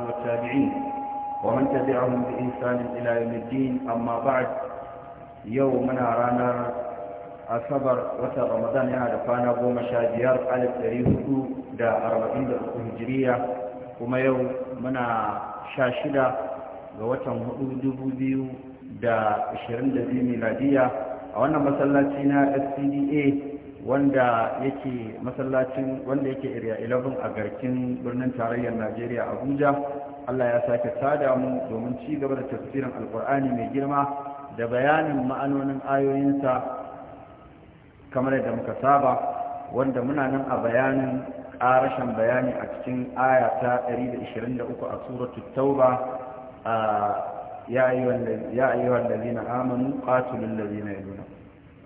والتابعين ومن تبعهم بإنسان إلى يوم الدين أما بعد يومنا رانا أصبر وتر رمضان هذا فانا قوم شاجير على التاريخ دا أربعين الهجرية وما يوم منا شاشدة وتم هدو بيو دا 22 ميلادية وانا wannan masallaci na wanda yake masallacin wanda yake area 11 a garkin birnin tarayyar Najeriya Abuja Allah ya sake sada mu domin ci gaba da tafsirin Alkur'ani mai girma da bayanin ma'anonin ayoyinsa kamar yadda muka saba wanda muna nan a bayanin ƙarashin bayani a cikin aya ta 123 a suratul tauba ya ayyuhal ladina amanu qatilul ladina yalunakum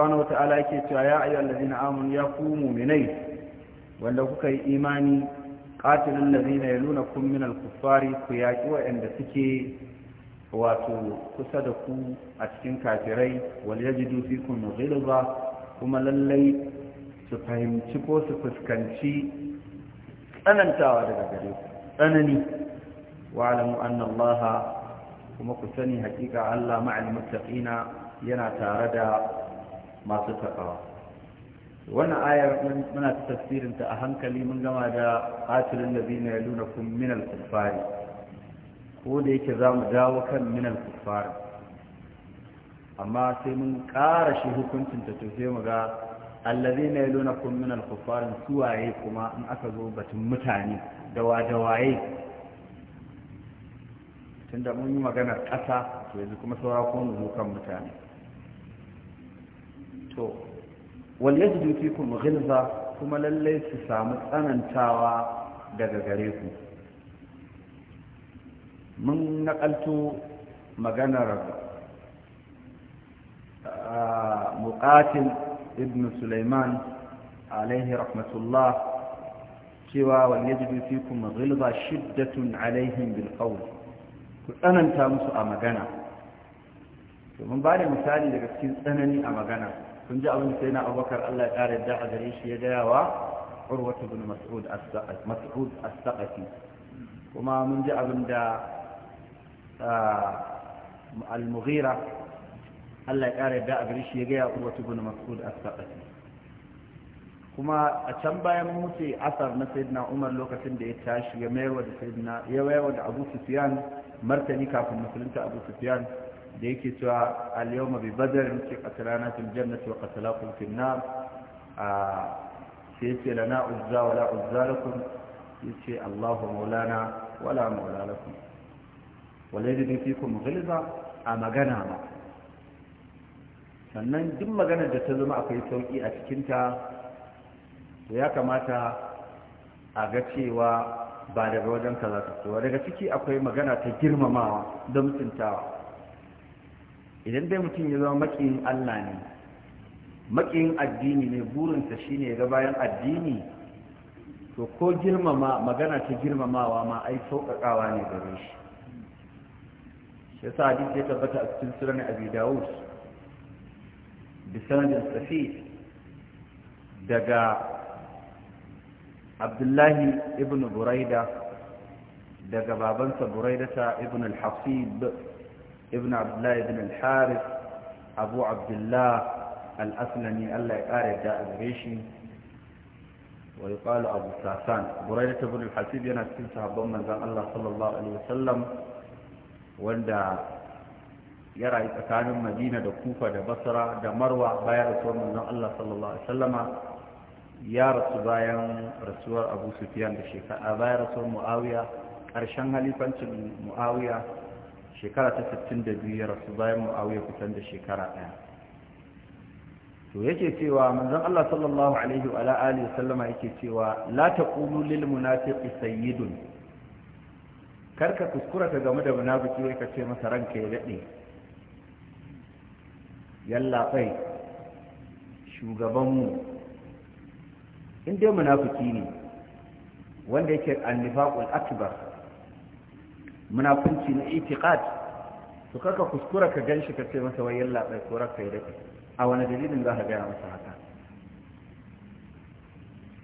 subhanahu wata'ala yake cewa ya ayyuhal ladina amanu ya ku mu'minai wanda kuka yi imani qatilul ladina yalunakum minal kuffari ku yaki wa'anda suke wato kusa da ku a cikin kafirai wal yajidu fikum ghilza kuma lallai su fahimci ko su fuskanci tsanantawa daga gare ku tsanani wa alamu anna allaha kuma ku sani hakika Allah ma'al muttaqina yana tare da masu takawa wannan ayar muna ta tafsirin a hankali mun gama da atirin da zina ya nuna kun minal kufari ko da yake za mu dawo kan minal kufari amma sai mun ƙara shi hukuncin ta sai mu ga allazi na yalo na kun minal kufari suwaye kuma in aka zo batun mutane dawa dawaye tunda mun yi maganar ƙasa to yanzu kuma saura ko mu kan mutane to wallahi dufi kuma ghilza kuma lallai su samu tsanantawa daga gare ku mun nakalto maganar ah, muqatil ibn sulaiman alaihi rahmatullah cewa wallahi fi kuma ghilza shiddatun alaihim bil ku tsananta musu a magana to mun ba da misali daga cikin tsanani a magana kun ji abin sai na abubakar allah ya ƙara yadda a gare shi ya gaya wa urwatu bin mas'ud as-saqafi kuma mun ji abin da al-mughira allah ya ƙara yadda a gare shi ya gaya urwatu bin mas'ud as-saqafi kuma a can bayan mutu asar na sayyidina umar lokacin da ya tashi ya mayarwa da sayyidina ya wayarwa da abu sufyan martani kafin musulunta abu sufyan da yake cewa al-yawma bi badr ce qatlana jannati wa qatlakum fil nar a sai ce lana uzza wa la uzza lakum yace Allahu maulana wa la maula lakum walaydin fikum ghilza a magana ba? sannan duk maganar da ta zama akwai sauki a cikinta to ya kamata a ga cewa ba daga wajen kaza ta daga ciki akwai magana ta girmamawa da mutuntawa idan dai mutum ya zama makiyin Allah ne makiyin addini ne burinsa shine ya ga bayan addini to ko girmama magana ta girmamawa ma ai sauƙaƙawa ne gare shi shi yasa hadisi ya tabbata a cikin sunan abi dawud bi sanadin safi daga abdullahi ibn buraida daga babansa buraidata ibn al hafid ibn abdullahi ibn al-haris abu abdullah al-aslami Allah ya kare da a gare shi wa yuqalu abu sasan buraidah ibn al-hasib yana cikin sahabban manzon Allah sallallahu alaihi wasallam wanda ya rayu tsakanin Madina da Kufa da Basra da Marwa bayan rasuwar manzon Allah sallallahu alaihi wasallama ya rasu bayan rasuwar Abu Sufyan da shekara bayan rasuwar Muawiya ƙarshen halifancin Muawiya shekara ta 62 ya rasu bayan mu'awiyar kusan da shekara ɗaya to yake cewa manzon Allah sallallahu alaihi wa alihi sallama yake cewa la taqulu lil munafiqi sayyidun karka kuskura ka game da munafiki wai ka ce masa ranka ya dade yalla kai shugabanmu in dai munafiki ne wanda yake annifaqul akbar munafunci na itiqad to kaka kuskura ka ganshi ka ce masa wai yalla bai korar kai dai a wani dalilin za ka gaya masa haka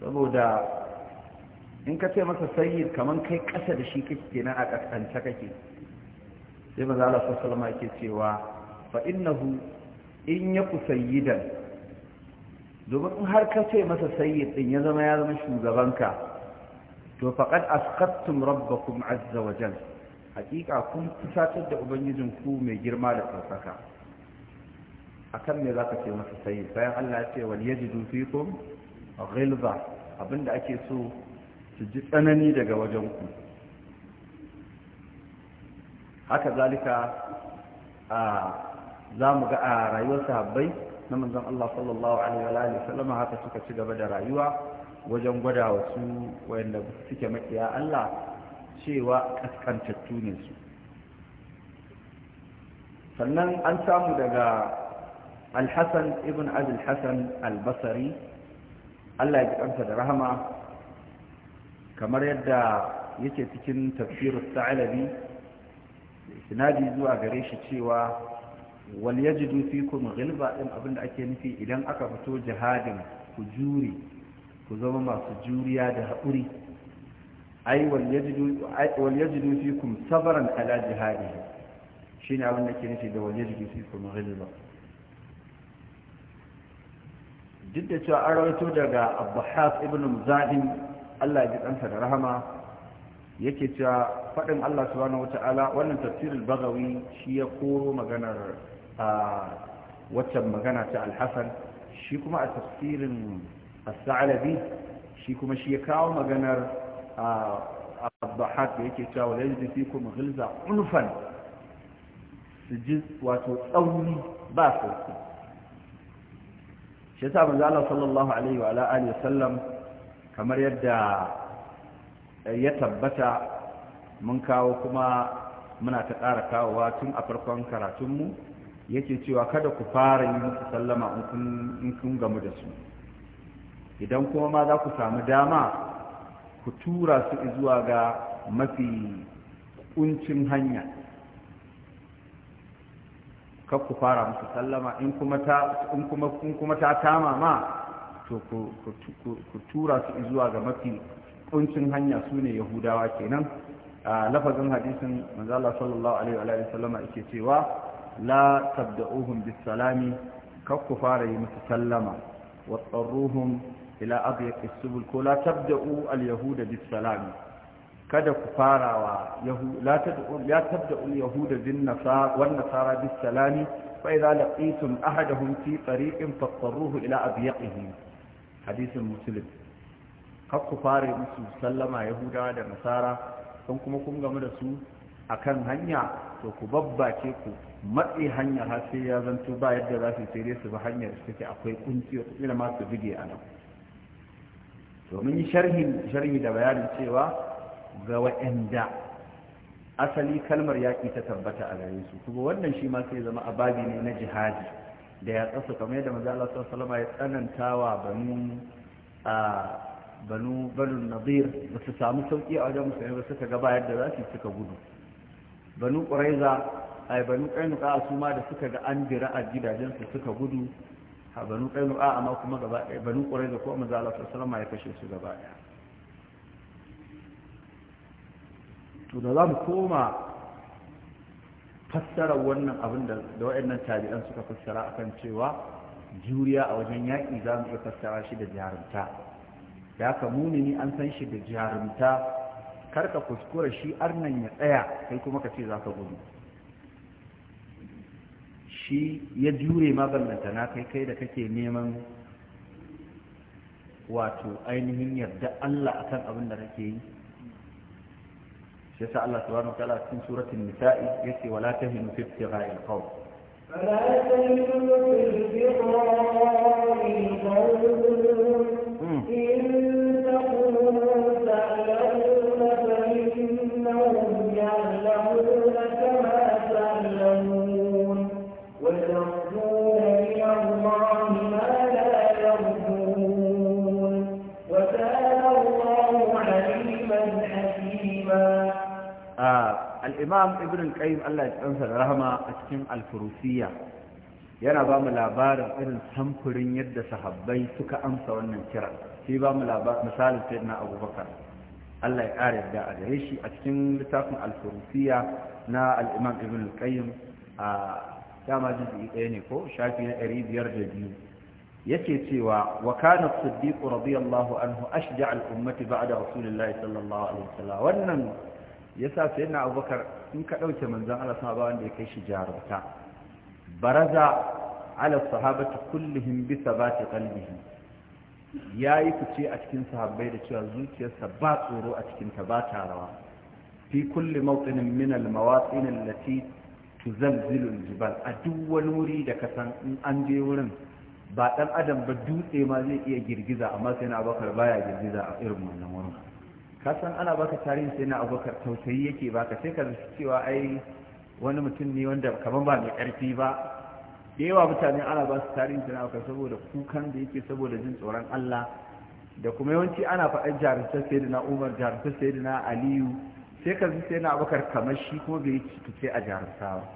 saboda in ka ce masa sayyid kaman kai kasa da shi kake na a kaskanta kake sai manzo Allah sallallahu alaihi yake cewa fa innahu in yaku sayyidan domin in har ka ce masa sayyid din ya zama ya zama shugabanka to faqad asqattum rabbakum azza wa jalla hakika kun fusatar da ubangijin ku mai girma da ɗaukaka akan me zaka ce masa sai bayan Allah ya ce wal yajidu A ghilza abinda ake so su ji tsanani daga wajen ku haka zalika a za mu ga a rayuwar sahabbai na manzon Allah sallallahu alaihi wa sallama haka suka ci gaba da rayuwa wajen gwada wasu wayanda suke makiya Allah cewa kaskantattu ne su sannan an samu daga alhassan ibn abul albasari allah ya kansa da rahama kamar yadda yake cikin tafsirus sa'alabi sinadi zuwa gare shi cewa wal yajidu gilba ɗin din da ake nufi idan aka fito jihadin ku juri ku zama masu juriya da haƙuri ai wal yajidu fikum sabran ala jihadihi shine abin da ke nufi da wal yajidu fikum ghilba duk da cewa an rawaito daga abbas ibn muzahim Allah ya ji kansa da rahama yake cewa faɗin Allah subhanahu wata'ala wannan tafsirin bagawi shi ya koro maganar a waccan magana ta alhassan shi kuma a tafsirin as-sa'labi shi kuma shi ya kawo maganar abbahat da yake cewa yanzu fi kuma ghilza unfan su ji wato tsauni ba sauki shi yasa manzo Allah sallallahu alaihi wa alihi sallam kamar yadda ya tabbata mun kawo kuma muna ta ƙara kawowa tun a farkon karatunmu yake cewa kada ku fara yi musu sallama in kun gamu da su idan kuma ma za ku samu dama ku tura su zuwa ga mafi kuncin hanya kar ku fara musu sallama in kuma ta in kuma kuma ta kama ma to ku tura su zuwa ga mafi kuncin hanya sune yahudawa kenan a lafazin hadisin manzo Allah sallallahu alaihi wa sallama yake cewa la tabda'uhum bis salami kar ku fara yi musu sallama wa tsarruhum ila abyaq as-subul ko la tabda'u kada ku farawa ya la tad'u la tabda'u al-yahuda bin-nasara fa idza laqitum ahadahum fi tariqin fattaruhu ila abyaqihi hadisin muslim kar ku fara musu sallama yahudawa da nasara don kuma kun gamu da su akan hanya to ku babbace ku matsi hanya har sai ya zanto ba yadda za su sai su ba hanyar da akwai kunci wata ma su bige a nan domin yi sharhi da bayanin cewa ga waɗanda asali kalmar yaƙi ta tabbata a gare su kuma wannan shi ma sai zama ababi ne na jihadi da ya tsasa kamar yadda maza Allah sallallahu ya tsanantawa banu a banu banu nadir ba su samu sauki a wajen musulmi ba suka gaba yadda za su suka gudu banu quraiza ai banu qainuqa su ma da suka ga an bira a gidajensu suka gudu A banu kainu? a amma kuma gaba ɗaya banu kuma ko manzo Allah salama ya kashe su gaba ɗaya to da za mu koma fassara wannan abin da da waɗannan tabi'an suka fassara kan cewa juriya a wajen yaƙi za mu iya fassara shi da jarumta da haka munini an san shi da jarumta ka kuskura shi arnan ya tsaya kai kuma ka ce za ka gudu shi ya jure ma na kai kai da kake neman wato ainihin yarda Allah akan abin da kake yi shi sa Allah subhanahu wa ta'ala cikin suratul nisa'i yace wala tahinu fi ibtigha'il qawm فلا تهنوا في ابتغاء القوم إن imam ibn qayyim Allah ya tsansa da rahama a cikin alfurusiyya yana ba mu labarin irin samfurin yadda sahabbai suka amsa wannan kiran shi ba mu labarin misalin sayyidina abubakar Allah ya ƙara yadda a gare shi a cikin littafin alfurusiya na al'imam ibn qayyim a dama jizgi ɗaya ne ko shafi na ɗari biyar da biyu yake cewa wa kana siddiq radiyallahu anhu ashja al ummati ba'da rasulillahi sallallahu alaihi wasallam wannan Ya sa sai na abubakar in ka ɗauke manzan ala sama ba wanda ya kai shi jarabta baraza ala sahabati ba bi sabati ya yayi fice a cikin sahabbai da cewa zuciyarsa ba tsoro a cikin ta ba ta rawa fi kulli mawqinin min al mawatin allati tuzalzilu al jibal a duk wani wuri da ka san in an je wurin ba ɗan adam ba dutse ma zai iya girgiza amma sai na abubakar baya girgiza a irin wannan wurin Kasan ana baka tarihin sai na abokar tausayi yake baka sai ka zuci cewa ai wani mutum ne wanda kaman ba mai ƙarfi ba da yawa mutane ana ba su tarihin sai na abokar saboda kukan da yake saboda jin tsoron Allah da kuma yawanci ana faɗar jarumtar na Umar jarumtar na Aliyu sai ka zuci sai na abokar kamar shi kuma bai fice a jarusawa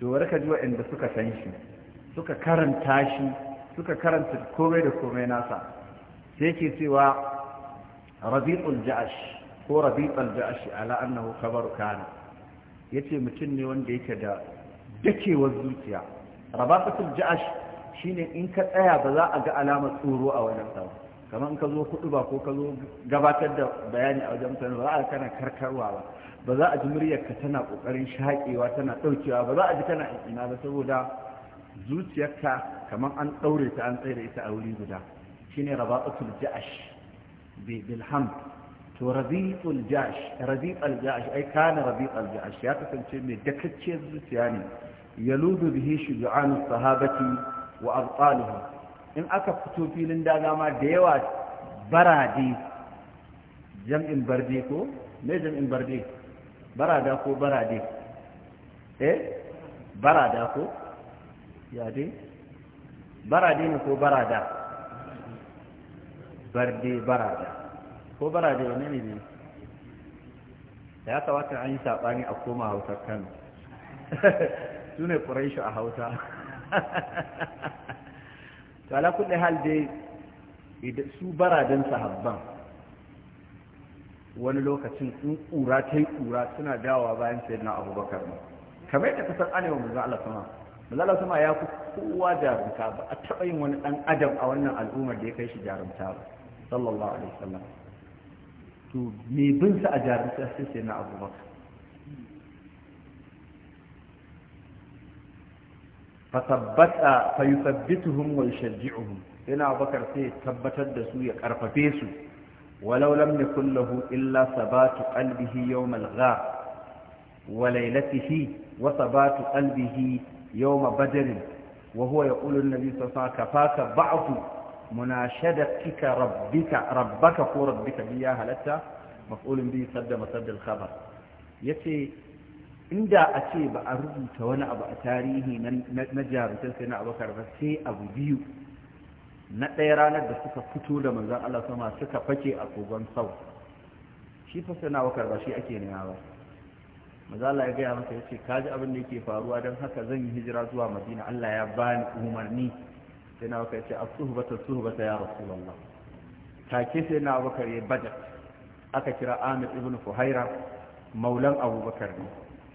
dowar ka ji waɗanda suka san shi suka karanta shi suka karanta komai da komai nasa sai ke cewa rabi'ul ja'ash ko rabi'ul ja'ash ala annahu khabaru kana yace mutum ne wanda yake da dakewar zuciya rabatul ja'ash shine in ka tsaya ba za a ga alamar tsoro a wajen sa kamar ka zo kudu ba ko ka zo gabatar da bayani a wajen mutane ba za a kana karkarwa ba ba za a ji muryarka tana kokarin shaƙewa tana ɗaukewa ba za a ji tana ina ba saboda zuciyarka kamar an ɗaure ta an tsaye da ita a wuri guda shine rabatul ja'ash بالحمد تو ربيط الجعش ربيط الجعش أي كان ربيط الجاش يقفل شيء يعني يلوذ به شجعان الصحابة وأبطالها إن أكفتو في لندا ما ديوات برادي جمع برديكو ما جمع برديك براداكو برادي إيه براداكو يعني برادين كو براداكو barde barada ko barada ne ne ne da ya kawata an yi saɓani a koma hausa kano su ne ƙuraishu a hausa ala kulle hal dai su baradan sahabban wani lokacin in ƙura ta yi ƙura suna dawowa bayan sayar na abubakar ne kamar yadda kasar ana mu manzan Allah sama manzan Allah sama ya fi kowa jarumta ba a taɓa yin wani ɗan adam a wannan al'ummar da ya kai shi jarumta ba sallallahu alaihi wasallam to me bin sa a jarumta sai sai na fa abubakar fa fayusabbituhum wa yushajji'uhum Ina abubakar sai tabbatar da su ya karfafe su walau lam yakun lahu illa sabatu qalbihi yawm al-ghar wa laylatihi wa sabatu qalbihi yawm badr wa huwa yaqulu an-nabi sallallahu alaihi wasallam kafaka مناشدتك ربك ربك كو ربك بيا هلتا مفعول به صد مصد الخبر yace inda a ce ba a rubuta wani abu a tarihi na jarutar sai na abokar sai abu biyu na ɗaya ranar da suka fito da manzan Allah sama suka fake a kogon sau shi fa sai na abokar shi ake nema ba manzan Allah ya gaya masa yace kaji abin da yake faruwa don haka zan yi hijira zuwa madina Allah ya bani umarni sai na bakar ce a suhubata suhubata ya rasulallah take sai na bakar ya bada aka kira amir ibn fuhaira maulan abubakar ne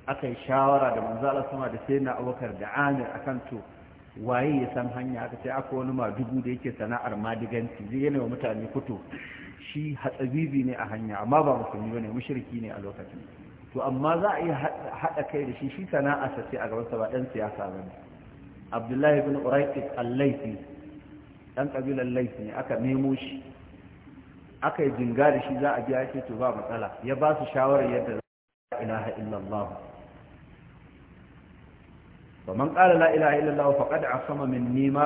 aka yi shawara da manzala sama da sai na abubakar da amir akan to waye ya san hanya aka ce aka wani ma dubu da yake sana'ar madiganti zai yana wa mutane kuto shi hatsabibi ne a hanya amma ba musulmi bane mushriki ne a lokacin to amma za a iya haɗa kai da shi shi sana'a sace a gabansa ba ɗan siyasa bane abdullahi bin uraiqis al-laifi dan kabilar laifi ne aka nemo shi aka yi jinga da shi za a biya ce to ba matsala ya ba su shawarar yadda la ilaha illallah ومن قال لا إله إلا الله فقد wa nafsuhu illa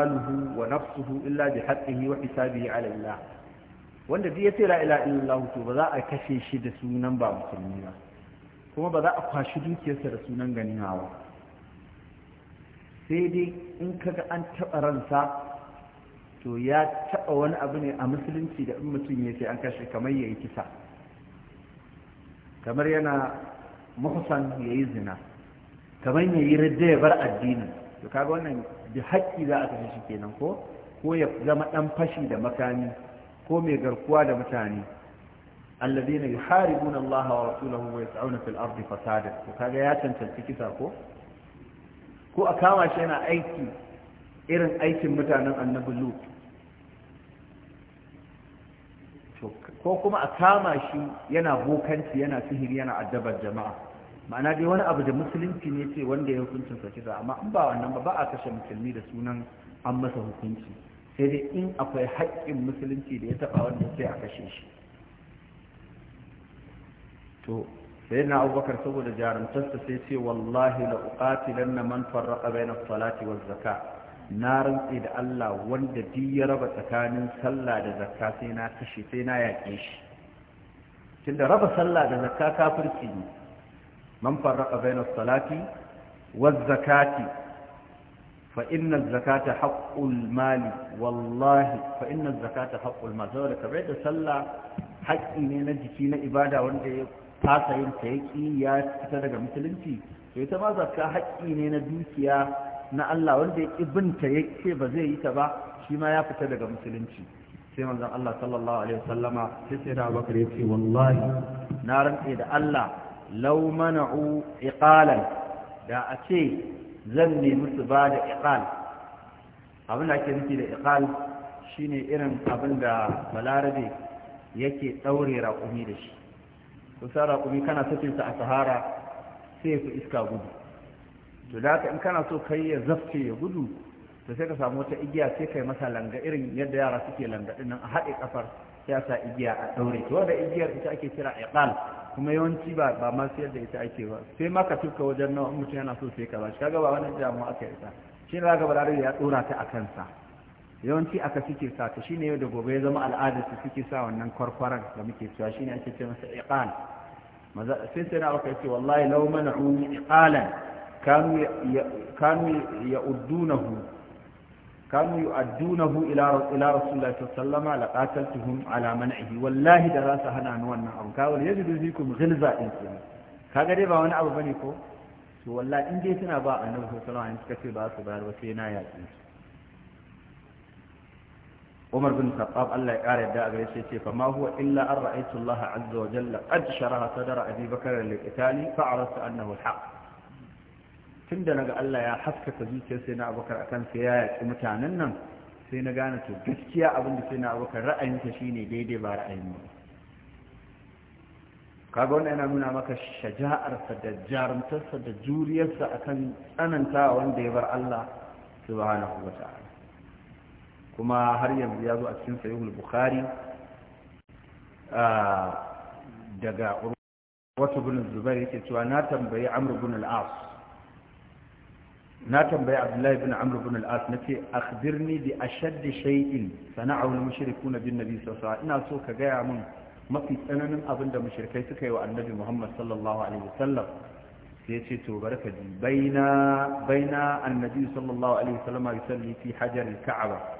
ونفسه إلا بحقه وحسابه على الله wanda duk ya ce la'ila illallah to ba za a kashe shi da sunan ba musulmi ba kuma ba za a kwashi dukiyarsa da sunan ganimawa sai dai in kaga an taɓa ransa to ya taɓa wani abu ne a musulunci da in mutum ya sai an kashe kamar ya yi kisa kamar yana mafasan ya yi zina kamar ya yi radda ya bar addini to kaga wannan da haƙƙi za a kashe shi kenan ko ko ya zama ɗan fashi da makami ko mai garkuwa da mutane الذين يحاربون الله ورسوله ويسعون في الأرض kaga ya يا kisa ko. ko a kama shi yana aiki irin aikin mutanen annabi lut ko kuma a kama shi yana bokanci yana sihiri yana addabar jama'a ma'ana dai wani abu da musulunci ne ce wanda ya hukuncin sa kisa amma in ba wannan ba ba a kashe musulmi da sunan an masa hukunci sai dai in akwai haƙƙin musulunci da ya taɓa wanda sai a kashe shi to sai na abubakar saboda jarumtarsa sai ce wallahi la uqatilan na man bai na salati waz zaka na rantsi da Allah wanda duk ya raba tsakanin sallah da zakka sai na kashe sai na yaƙe shi tunda raba sallah da zakka kafirci ne man bai na salati waz zakati fa inna zakata haqqul mali wallahi fa inna zakata haqqul mali saboda bai da sallah haƙƙi ne na jiki na ibada wanda ya fasa yin ta yaki ya fita daga musulunci to ita ma zakka haƙƙi ne na dukiya na Allah wanda ya ƙi bin ce ba zai yi ta ba shi ma ya fita daga musulunci sai manzon Allah sallallahu alaihi wasallama sai sai da Abubakar ya wallahi na rantse da Allah law mana'u iqalan da a ce zan nemi musu ba da iqal abin da ake nufi da iqal shine irin abin da balarabe yake daure raƙumi da shi sara sa kana sakin sa a sahara sai ku iska gudu to da ka in kana so kai ya zafce ya gudu to sai ka samu wata igiya sai kai masa langa irin yadda yara suke langa din nan a haɗe kafar sai sa igiya a daure to wanda igiyar ita ake kira iqal kuma yawanci ba ba ma sai da ita ake ba sai ma ka tuka wajen nawa mutum yana so sai ka ba shi kaga ba wannan damuwa aka yi ta shi ne zaka ba ya dora ta a kansa yawanci aka suke sa ta shine yau da gobe ya zama al'adar su suke sa wannan kwarkwaran da muke cewa shine ake ce masa iqal sai sai na aka ce wallahi law mana'u qalan kanu kanu ya'uddunahu kanu yu'addunahu ila ila rasulullahi sallallahu alaihi wasallam laqataltuhum ala man'ihi wallahi da rasa hana ni wannan abu kawai yajidu fikum ghilza in kaga dai ba wani abu bane ko to wallahi in dai suna ba annabi sallallahu alaihi wasallam suka ce ba su bayar ba sai na yaƙi su umar bin khattab Allah ya kare da gare shi ce fa huwa illa an ra'aytu Allah azza wa jalla qad sharaha sadra abi bakr lil qitali fa arasta annahu al haqq tunda naga Allah ya haskaka zuciyar sai na abubakar akan sai ya yaki mutanen nan sai na gane to gaskiya abin da sai na abubakar ra'ayinsa shine daidai ba ra'ayin mu kaga wannan yana nuna maka shaja'arsa da jarumtarsa da juriyarsa akan tsananta wanda ya bar Allah subhanahu wa ta'ala kuma har yanzu ya zo a cikin sahihul bukhari daga wata bin zubair yake cewa na tambayi amr bin al-as na tambayi abdullahi bin amur amr bin al da nace akhbirni bi ashadd shay'in sana'ahu al-mushrikun bin nabi sallallahu ina so ka gaya min mafi tsananin abin da mushrikai suka yi wa annabi muhammad sallallahu alaihi wasallam sai ya ce to barka ji baina baina annabi sallallahu alaihi wasallam yusalli fi hajar al-ka'aba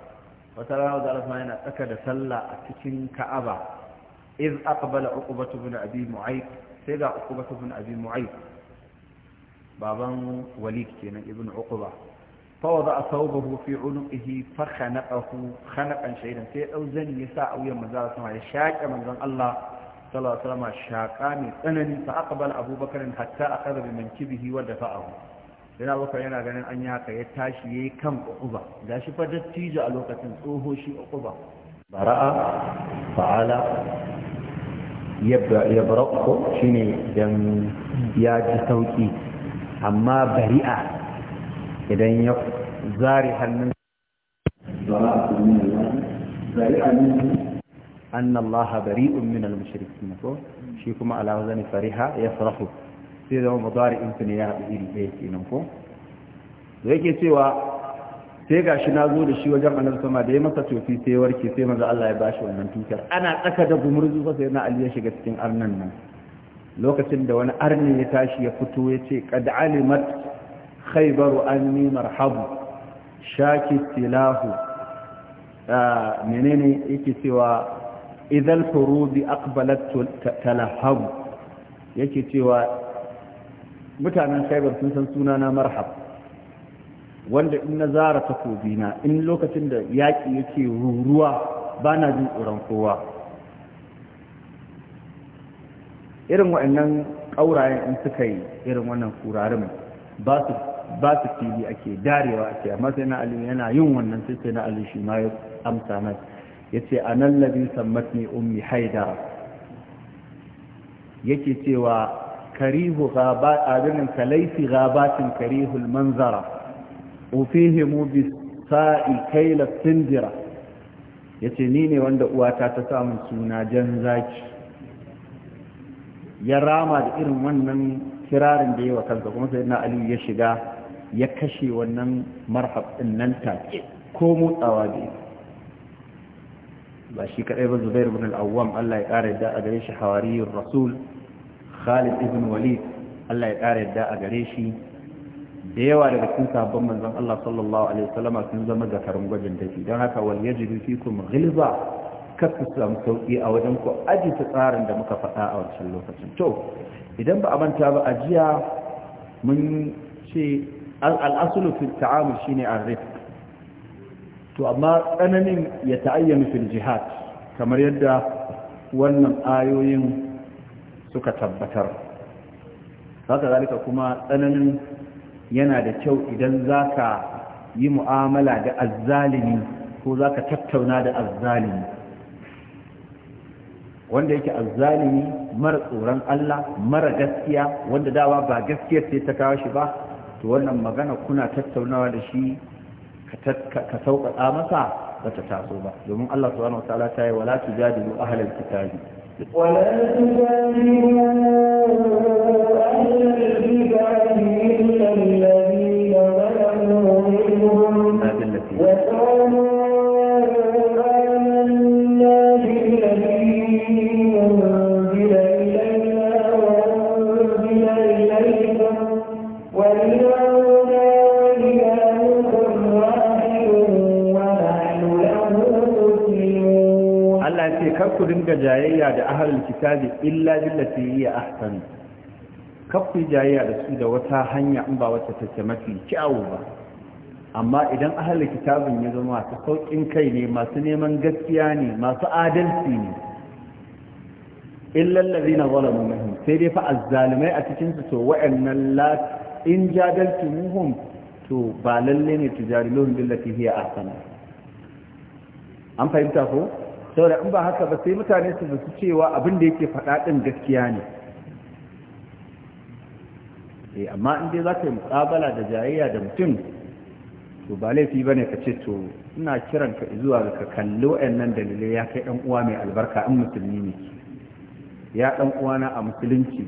wata rana da alfa yana tsaka da sallah a cikin ka'aba iz aqbala uqbatu bin abi mu'ayth sai ga uqbatu bin abi mu'ayth baban walid kenan ibn uqba fa wada thawbahu fi unuqihi fa khanaqahu khanaqan shaydan sai dau zani ya sa wuyan manzo sama ya shaƙe manzon Allah sallallahu alaihi wasallam shaqa mai tsanani fa aqbala abubakar hatta akhadha bi mankibihi wa dafa'ahu Yana abokan yana ganin an yi haka ya tashi ya yi kan uquba ga shi fadar dattijo a lokacin tsoho shi uquba bara'a fa'ala ya shi shine dan ya ji sauƙi amma bari'a idan ya zari hannun أن الله بريء من المشركين shi kuma ala zani fariha ya sai zama mudari'in su ne ya haɗu iri ɗaya nan ko da yake cewa sai ga shi na zo da shi wajen anar sama da ya masa tofi sai warke sai maza Allah ya bashi wannan tutar ana tsaka da gumurzu fa sai na Ali ya shiga cikin arnan nan lokacin da wani arni ya tashi ya fito ya ce kad alimat khaybaru anni marhabu shaki tilahu ah, menene yake cewa idhal furudi aqbalat talahabu yake cewa mutanen khaibar sun san suna na marhab wanda in na zara takobina in lokacin da yaƙi yake ruruwa ba na jin tsoron kowa irin waɗannan ƙaurayen in suka yi irin wannan kurarin ba su ba su fili ake darewa ake amma sai na aliyu yana yin wannan sai sai na aliyu shi ma ya amsa mai ya ce a nan labin sammat ne ummi haida yake cewa karihu ghabat adin kalaisi ghabatin karihul manzara ufihimu bis sa'i kaila sindira yace ni ne wanda uwata ta samu suna jan zaki ya rama da irin wannan kirarin da yawa kansa kuma sai na aliyu ya shiga ya kashe wannan marhab din nan take ko motsawa da ba shi kaɗai ba zubair ibn al Allah ya kare da a gare shi hawariyur rasul khalid ibn walid Allah ya ƙara yadda a gare shi da yawa daga cikin sabon manzon Allah sallallahu alaihi wasallama sun zama zakarin gwajin dafi don haka wal yajidu fikum ghilza kar ku samu sauki a wajen ku aji ta tsarin da muka faɗa a wancan lokacin to idan ba a manta ba a jiya mun ce al'asulu fi ta'amul shine arrifq to amma tsananin ya ta'ayyana fil jihad kamar yadda wannan ayoyin suka tabbatar haka zalika kuma tsananin yana da kyau idan za ka yi mu'amala da azzalimi ko za ka tattauna da azzalimi wanda yake azzalimi mara tsoron Allah mara gaskiya wanda dawa ba gaskiyar sai ta kawo shi ba to wannan magana kuna tattaunawa da shi ka sauƙaƙa masa ba ta taso ba domin Allah subhanahu wa ta'ala ta yi wala tujadilu ahlal kitabi ولا تجادلوا أهل الكتاب إلا kitabi illa billati hiya ahsan kafi jayya da su da wata hanya in ba wata take mafi kyawu ba amma idan ahli kitabin ya zama masu saukin kai ne masu neman gaskiya ne masu adalci ne illa allazina zalamu minhum sai dai fa azzalimai a cikin su to wa'annan la in jadaltumuhum to ba lalle ne tujarilun billati hiya ahsan an fahimta ko saboda in ba haka ba sai mutane su su cewa abin da yake faɗa ɗin gaskiya ne eh amma in dai za ka yi muƙabala da jayayya da mutum to ba laifi ba ne ka ce to ina kiran ka zuwa ga ka kalli nan dalilai ya kai ɗan uwa mai albarka in musulmi ne ya ɗan uwana a musulunci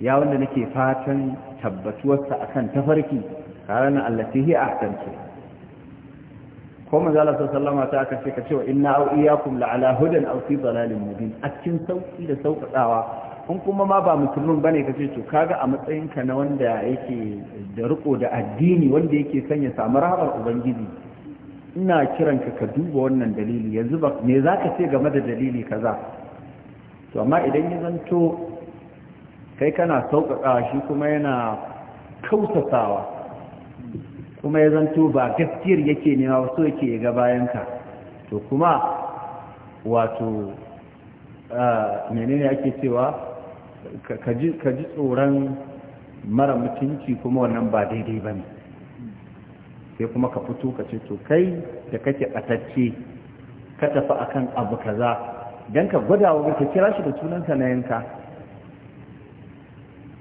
ya wanda nake fatan tabbatuwarsa akan tafarki tare na allatihi a kansu ko manzala sallama ta aka ce ka cewa inna au iyakum la ala hudan aw fi dalalin mubin a cikin sauki da saukadawa in kuma ma ba musulmin bane kace to kaga a matsayin ka na wanda yake da riko da addini wanda yake sanya ya samu rahabar ubangiji ina kiranka ka duba wannan dalili yanzu ba me zaka ce game da dalili kaza to amma idan ya zanto kai kana saukakawa shi kuma yana kausasawa kuma ya zanto ba gaskiyar yake nema ba so yake ga bayanka to kuma wato menene ake cewa ka ji tsoron mara mutunci kuma wannan ba daidai ba ne sai kuma ka fito ka ce to kai da kake ɓatacce ka tafi akan abu kaza don ka gwada wa ka kira shi da sunanka na yanka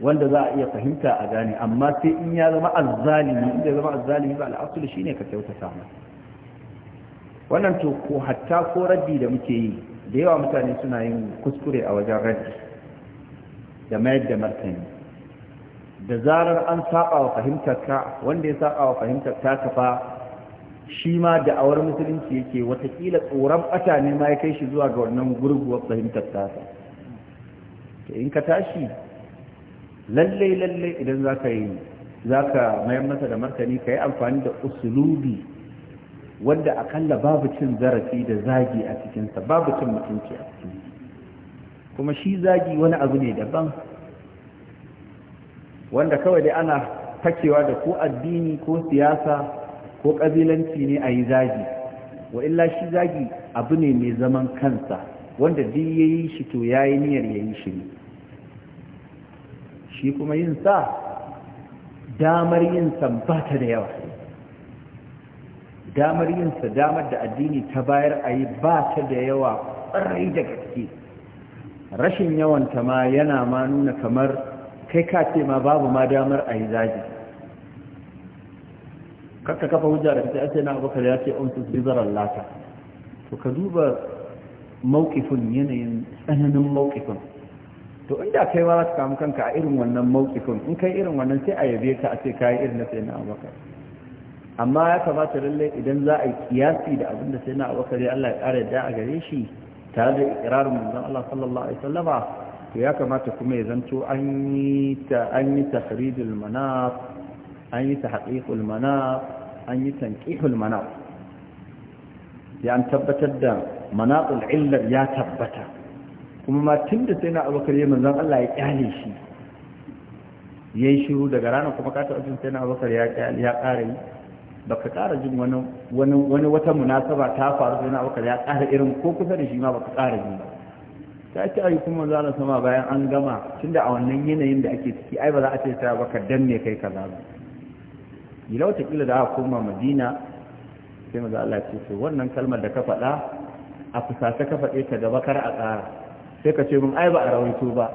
wanda za a iya fahimta a gane amma sai in ya zama azzalimi in ya zama azzalimi ba al'asul shine ka kyautata mu wannan to ko hatta ko raddi da muke yi da yawa mutane suna yin kuskure a wajen raddi da mayar da martani da zarar an saba wa fahimtar ka wanda ya saba wa fahimtar ta ka fa shi ma da'awar musulunci yake watakila tsoron ɓata ne ma ya kai shi zuwa ga wannan gurguwar fahimtar ta in ka tashi Lallai-lallai, idan za ka yi zaka mayar masa da martani yi amfani da usulubi wanda akalla babu cin zarafi da zagi a cikinsa, babu cin mutunci a cikin kuma shi zagi wani abu ne daban wanda kawai dai ana fakewa da ko addini ko siyasa ko ƙabilanci ne a yi zagi wa illa shi zagi abu ne mai zaman kansa wanda duk yayi shi to yayi niyyar yayi shi ne shi kuma yin sa damar yin sa ba ta da yawa damar yin sa damar da addini ta bayar a yi ba ta da yawa ƙarai da gaske rashin yawanta ma yana ma nuna kamar kai ka ce ma babu ma damar a yi zaji ka kafa hujja da ta ce na abokan ya ce umsus bizarar lata to ka duba mawkifin yanayin tsananin mawkifin to inda kai ma za ka kamu kanka a irin wannan mawkifin in kai irin wannan sai a yabe ka a ce kayi irin na sai na abubakar amma ya kamata lalle idan za a yi kiyasi da abin da sai na abubakar ya Allah ya ƙara yadda a gare shi tare da ikirarin manzon Allah sallallahu alaihi wasallama to ya kamata kuma ya zanto an yi ta tahridul manaf an yi tahqiqul manaf an yi tanqihul manaf ya an tabbatar da manaqul illar ya tabbata kuma ma tun da sai na abubakar ya manzan Allah ya kyale shi ya yi shiru daga ranar kuma ka taɓa jin sai na abubakar ya kyale ya kare yi ba ka kara jin wani wani wata munasaba ta faru sai na abubakar ya kara irin ko kusa da shi ma ba ka kara jin ba ta ce ayi kuma za na sama bayan an gama tunda a wannan yanayin da ake ciki ai ba za a ce sai abubakar dan me kai kaza ba ila wata kila da aka koma madina sai maza Allah ce to wannan kalmar da ka faɗa a fusata ka faɗe ta da bakar a tsara. sai ka ce mun ai ba a rawaito ba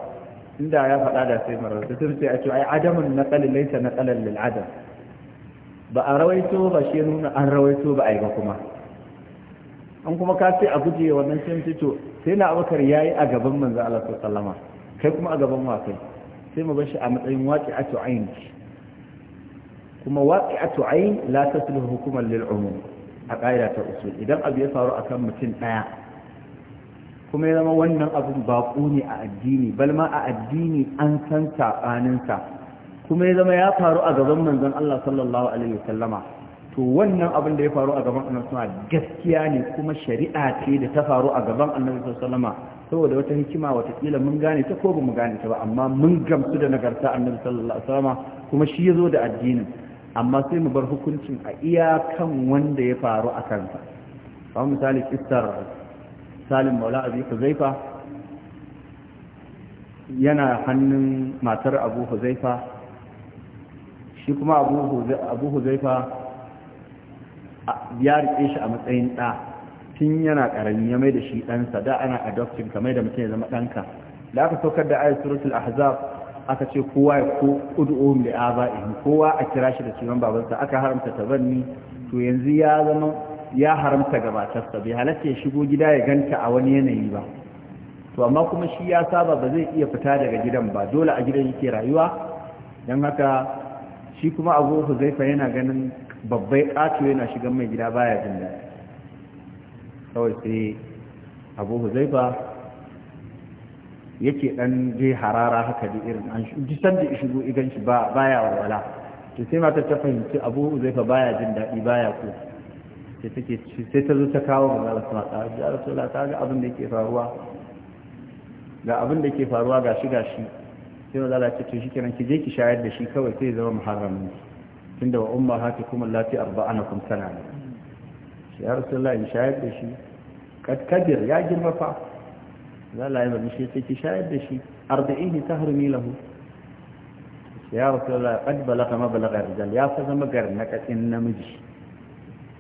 inda ya faɗa da sai marar da sai a ce ai adamun naqal laysa naqalan lil adam ba a rawaito ba shi nuna an rawaito ba ai ba kuma an kuma ka sai a guje wannan sai to sai na ya yi a gaban manzo Allah sallallahu alaihi kai kuma a gaban wa kai sai mu bar shi a matsayin waqi'atu ayn kuma waqi'atu ayn la tasluhu hukuman lil umum a ƙa'ida ta usul idan abu ya faru akan mutum ɗaya kuma ya zama wannan abin baƙo ne a addini balma a addini an san saɓaninsa kuma ya zama ya faru a gaban manzon Allah sallallahu alaihi wasallama to wannan abin da ya faru a gaban annabi suna gaskiya ne kuma shari'a ce da ta faru a gaban annabi sallallahu saboda wata hikima watakila mun gane ta ko bamu gane ta ba amma mun gamsu da nagarta annabi sallallahu alaihi wasallama kuma shi yazo da addinin amma sai mu bar hukuncin a iyakan wanda ya faru a kansa kamar misali kistar salim maula abi huzaifa yana hannun matar abu huzaifa shi kuma abu huzaifa ya riƙe shi a matsayin ɗa tun yana ƙarami ya mai da shi ɗansa da ana adoptin kamar da mutum ya zama ɗanka da aka saukar da ayat suratul ahzab aka ce kowa ya ko ud'um li aba'ihim kowa a kira shi da sunan babansa aka haramta tabanni to yanzu ya zama ya haramta ga matarsa bai halatta ya shigo gida ya ganta a wani yanayi ba to amma kuma shi ya saba ba zai iya fita daga gidan ba dole a gidan yake rayuwa don haka shi kuma abu zai yana ganin babbai ƙato yana shigan mai gida baya jin da kawai sai abu ba yake ɗan je harara haka da irin an shi san da shigo igan shi baya wala to sai mata ta fahimci abu ba baya jin daɗi baya ko sai take sai ta zo ta kawo ga rasulullah ta ga rasulullah ta ga abin da yake faruwa ga abin da yake faruwa ga shi gashi sai maza Allah ce to shikenan ki je ki shayar da shi kawai sai zama muharram tunda wa umma kuma ummahatikum allati arba'anakum sanana shi ya rasulullah in shayar da shi kad kabir ya girma fa za zala ya shi sai ki shayar da shi arba'ini tahrimi lahu ya rasulullah qad balagha ma balagha rijal ya fa zama na katsin namiji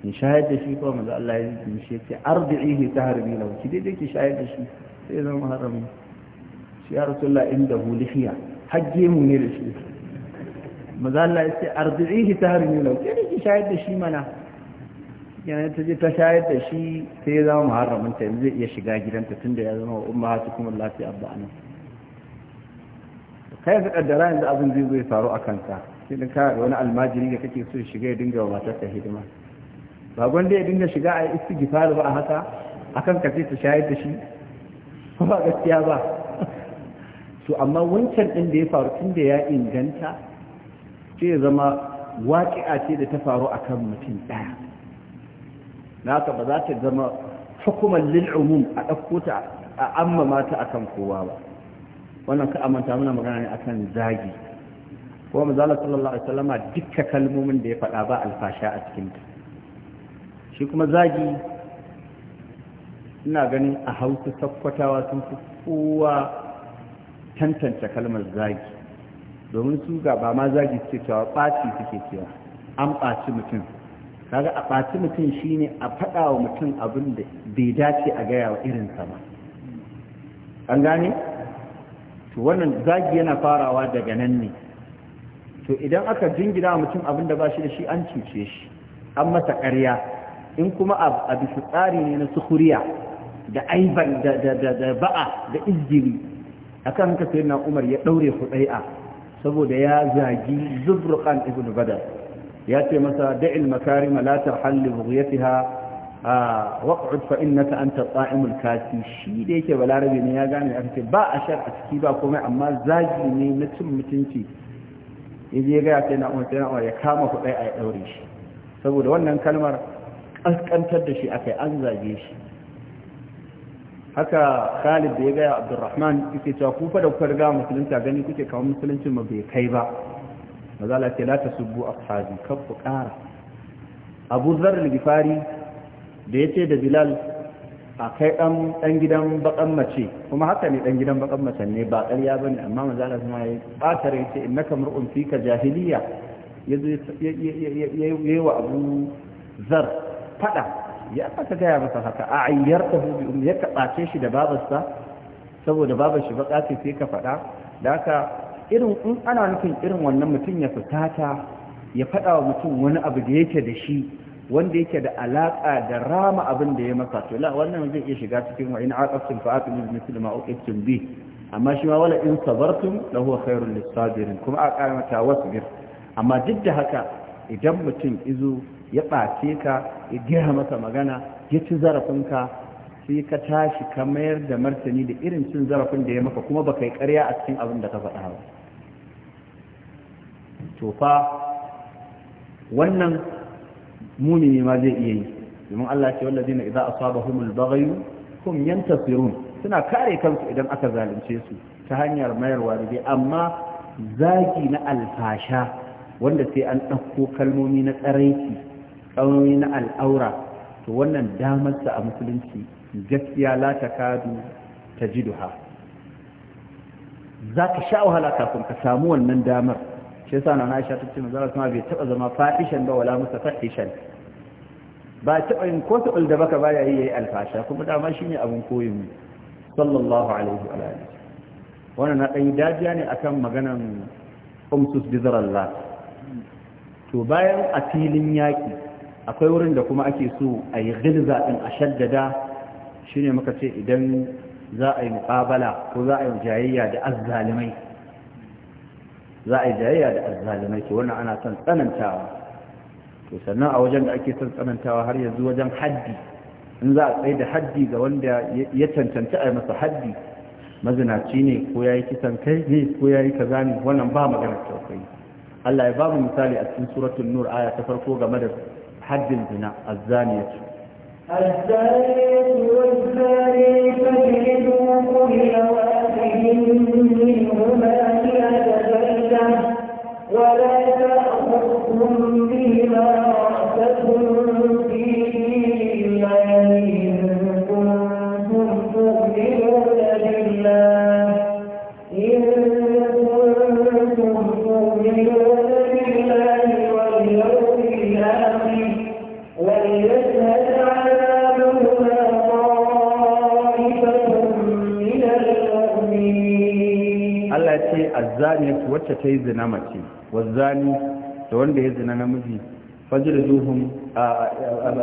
ya shayar da shi ko manzo Allah ya yi shi ce ardi'ihi tahribi lahu ki dai ki shayar da shi sai zama shi ya inda hajje mu ne da shi manzo Allah ya ce ardi'ihi tahribi lahu ki shayar da shi mana yana ta je ta shayar da shi sai zama muharramin ta zai iya shiga gidanta tunda ya zama ummahatukum allati abba'ana kai ka kaddara yanzu abin zai zai faru a kanka sai da ka wani almajiri da kake so shiga ya dinga wa hidima ba gwanda ya dinga shiga a istighfar ba a haka akan kace ta shayar da shi ba gaskiya ba su amma wancan ɗin da ya faru tun da ya inganta ce zama waƙi'a ce da ta faru akan mutum ɗaya na ka ba za ta zama hukumar lil'umum a ɗauko ta a amma mata akan kowa ba wannan ka amanta muna magana ne akan zagi kuma manzala sallallahu alaihi wasallama dukkan kalmomin da ya faɗa ba alfasha a cikin cikinta shi kuma zagi ina ganin a hausa sakkwatawa sun fi kowa tantance kalmar zagi domin su ga ba ma zagi suke cewa ɓaci suke cewa an ɓaci mutum kaga a ɓaci mutum shine a faɗa wa mutum abin da bai dace a gaya wa irinsa ba an gane to wannan zagi yana farawa daga nan ne to idan aka jingina mutum abin da ba shi da shi an cuce shi an masa ƙarya in kuma a bisa tsari ne na sukuriya da aiban da ba'a da izgiri akan ka sai na umar ya ɗaure hudai'a saboda ya zagi zubrukan ibn badar ya ce masa da'il makarima la tarhalli ha, waq'ud fa innaka anta ta'imul kasi shi da yake balarabe ne ya gane aka ce ba a shar a ciki ba komai amma zagi ne na cin mutunci yaje ga sai na umar na umar ya kama hudai'a ya ɗaure shi saboda wannan kalmar ƙasƙantar da shi akai an zage shi haka khalid da ya gaya abdurrahman yake cewa ku fa da kuka riga musulunta gani kuke kawo musulunci ma bai kai ba mazala ce la tasubbu ashabi kar ku ƙara abu zar al-gifari da yace da bilal a kai dan dan gidan bakan mace kuma haka ne dan gidan bakan mace ne ba ƙarya bane amma mazala kuma ya batare yace innaka mar'un fika jahiliya yazo yayi wa abu zar fada ya aka gaya masa haka a ayyarta bi ummi ya kabace shi da babarsa saboda babar shi baka ce sai ka fada da haka irin in ana nufin irin wannan mutum ya fusata ya fada wa mutum wani abu da yake da shi wanda yake da alaka da rama abin da ya masa to la wannan zai iya shiga cikin wa in aqabtum fa aqbilu mithla ma uqibtum bi amma shi ma wala in sabartum lahu khairul lisabirin kuma a karanta wasbir amma duk da haka idan mutum izo ya ɓace ka ya gina masa magana ya ci zarafinka sai ka tashi ka mayar da martani da irin cin zarafin da ya maka kuma ba yi karya a cikin abin da ka faɗa ba to fa wannan mumini ma zai iya yi domin Allah ce wallazina idza asabahumul baghyu hum yantasirun suna kare kansu idan aka zalunce su ta hanyar mayarwa da amma zagi na alfasha wanda sai an ɗauko kalmomi na tsaraici kalmomi na al'aura to wannan damarsa a musulunci gaskiya la ta kadu ta ji duha za ka sha wahala kafin ka samu wannan damar shi yasa na Aisha ta ce manzo kuma bai taba zama fahishan ba wala fahishan? ba taba yin ko tabul da baka baya yi alfasha kuma dama shine abun koyin mu sallallahu alaihi wa alihi wannan na dai dajiya ne akan maganan umsus bizarallah to bayan a filin yaƙi akwai wurin da kuma ake so a yi gilza ɗin a shaddada shi ne muka ce idan za a yi muƙabala ko za a yi jayayya da azzalimai za a yi jayayya da azzalimai ke wannan ana son tsanantawa to sannan a wajen da ake son tsanantawa har yanzu wajen haddi in za a tsaye da haddi ga wanda ya cancanci a yi masa haddi mazinaci ne ko ya yi kisan kai ne ko ya yi kaza ne wannan ba maganar kai. الله يباب مثال أسن سورة النور آية تفرقوا قمدر حد البناء الزانية الزانية والزاني فجلدوا كل واحد منهما azzaniyatu wacce ta yi zina mace wazzani da wanda ya zina namiji fajriduhum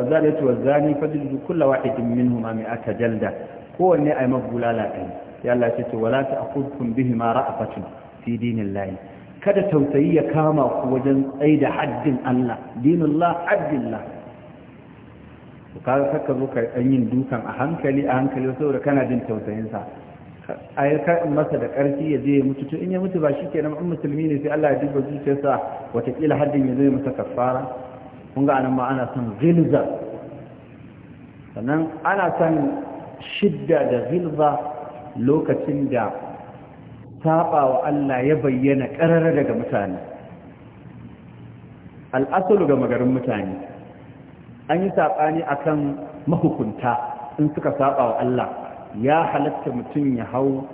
azzaniyatu wazzani fajridu kullu wahidin minhum mi'ata jalda kowanne yi magula ɗin ya Allah ce a wala ta'khudkum a ra'afatun fi dinillahi kada tausayi ya kama ku wajen tsaida haddin Allah dinullah haddillah kaga kakka zo ka yin dukan a hankali a hankali saboda kana jin tausayin sa a yi masa da ƙarfi ya je mutu to in ya mutu ba shi ke in musulmi ne sai Allah ya duba zuciyarsa watakila haddin ya zo masa kafara kun ga anan ma ana son gilza sannan ana son shidda da gilza lokacin da saba wa Allah ya bayyana ƙarar daga mutane al'asalu ga magarin mutane an yi saɓani akan mahukunta in suka saba wa Allah ya halatta mutum ya hau